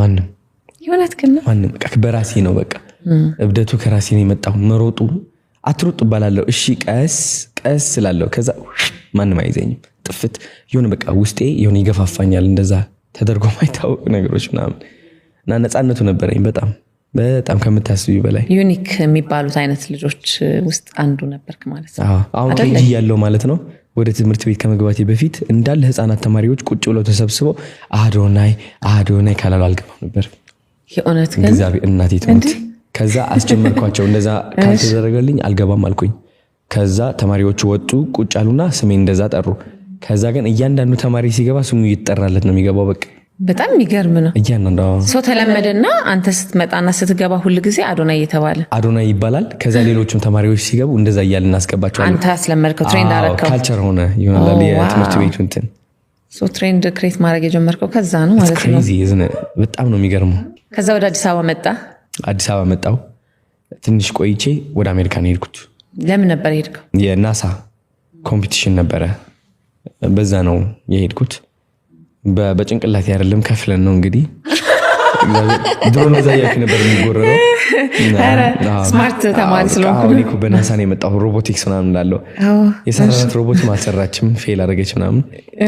ማንም ግን ማንም በቃ በራሴ ነው በቃ እብደቱ ከራሴ ነው የመጣው። መሮጡ አትሮጥ እባላለሁ። እሺ ቀስ ቀስ ስላለው ከዛ ማንም አይዘኝም። ጥፍት የሆነ በቃ ውስጤ የሆነ ይገፋፋኛል። እንደዛ ተደርጎ ማይታወቅ ነገሮች ምናምን እና ነፃነቱ ነበረኝ በጣም በጣም ከምታስቢ በላይ ዩኒክ የሚባሉት አይነት ልጆች ውስጥ አንዱ ነበርክ ማለት ነው። አሁን ኬጂ ያለው ማለት ነው ወደ ትምህርት ቤት ከመግባቴ በፊት እንዳለ ህፃናት ተማሪዎች ቁጭ ብለው ተሰብስበው አዶናይ አዶናይ ካላሉ አልገባም ነበር። የእውነት እግዚአብሔር እናቴ ትምህርት ከዛ አስጀመርኳቸው። እንደዛ ካልተደረገልኝ አልገባም አልኩኝ። ከዛ ተማሪዎቹ ወጡ፣ ቁጭ አሉና ስሜን እንደዛ ጠሩ። ከዛ ግን እያንዳንዱ ተማሪ ሲገባ ስሙ ይጠራለት ነው የሚገባው በቃ በጣም የሚገርም ነው። ሰው ተለመደና አንተ ስትመጣና ስትገባ ሁል ጊዜ አዶና እየተባለ አዶና ይባላል። ከዛ ሌሎችም ተማሪዎች ሲገቡ እንደዛ እያል እናስገባቸዋለን። አንተ አስለመድከው፣ ትሬንድ አደረግከው፣ ካልቸር ሆነ ይሆናል የትምህርት ቤቱ እንትን ትሬንድ ክሬት ማድረግ የጀመርከው ከዛ ነው ማለት ነው። በጣም ነው የሚገርመው። ከዛ ወደ አዲስ አበባ መጣ። አዲስ አበባ መጣው። ትንሽ ቆይቼ ወደ አሜሪካ ነው የሄድኩት። ለምን ነበር የሄድከው? የናሳ ኮምፒቲሽን ነበረ። በዛ ነው የሄድኩት በጭንቅላት አይደለም ከፍለን ነው እንግዲህ ድሮ ነው ዛያፊ ነበር የሚጎረረው። ስማርት ተማሪ ስለሆንኩ በናሳ ነው የመጣሁ። ሮቦቲክስ ምናምን ላለው የሰራራት ሮቦት አልሰራችም፣ ፌል አደረገች ምናምን።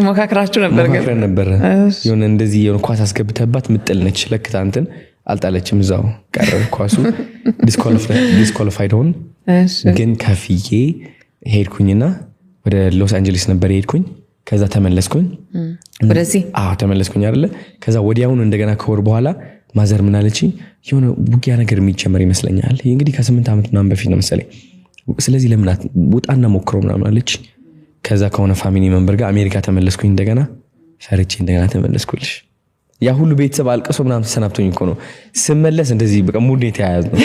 ሞካክራችሁ ነበር ነበረ የሆነ እንደዚህ የሆነ ኳስ አስገብተባት ምጥል ነች። ለክታንትን አልጣለችም፣ እዛው ቀረ ኳሱ። ዲስኳሊፋይድ ሆን ግን ከፍዬ ሄድኩኝና ወደ ሎስ አንጀሊስ ነበር የሄድኩኝ ከዛ ተመለስኩኝ ወደዚህ አዎ ተመለስኩኝ አለ። ከዛ ወዲያውኑ እንደገና ከወር በኋላ ማዘር ምናለች የሆነ ውጊያ ነገር የሚጀመር ይመስለኛል ይህ እንግዲህ ከስምንት ዓመት ምናምን በፊት ነው መሰለኝ ስለዚህ ለምናት ውጣና ሞክሮ ምናምን አለች ከዛ ከሆነ ፋሚሊ መንበር ጋር አሜሪካ ተመለስኩኝ እንደገና ፈርቼ እንደገና ተመለስኩልሽ ያ ሁሉ ቤተሰብ አልቀሶ ምናምን ተሰናብቶኝ እኮ ነው ስመለስ እንደዚህ በቃ ሙድ የተያያዝ ነው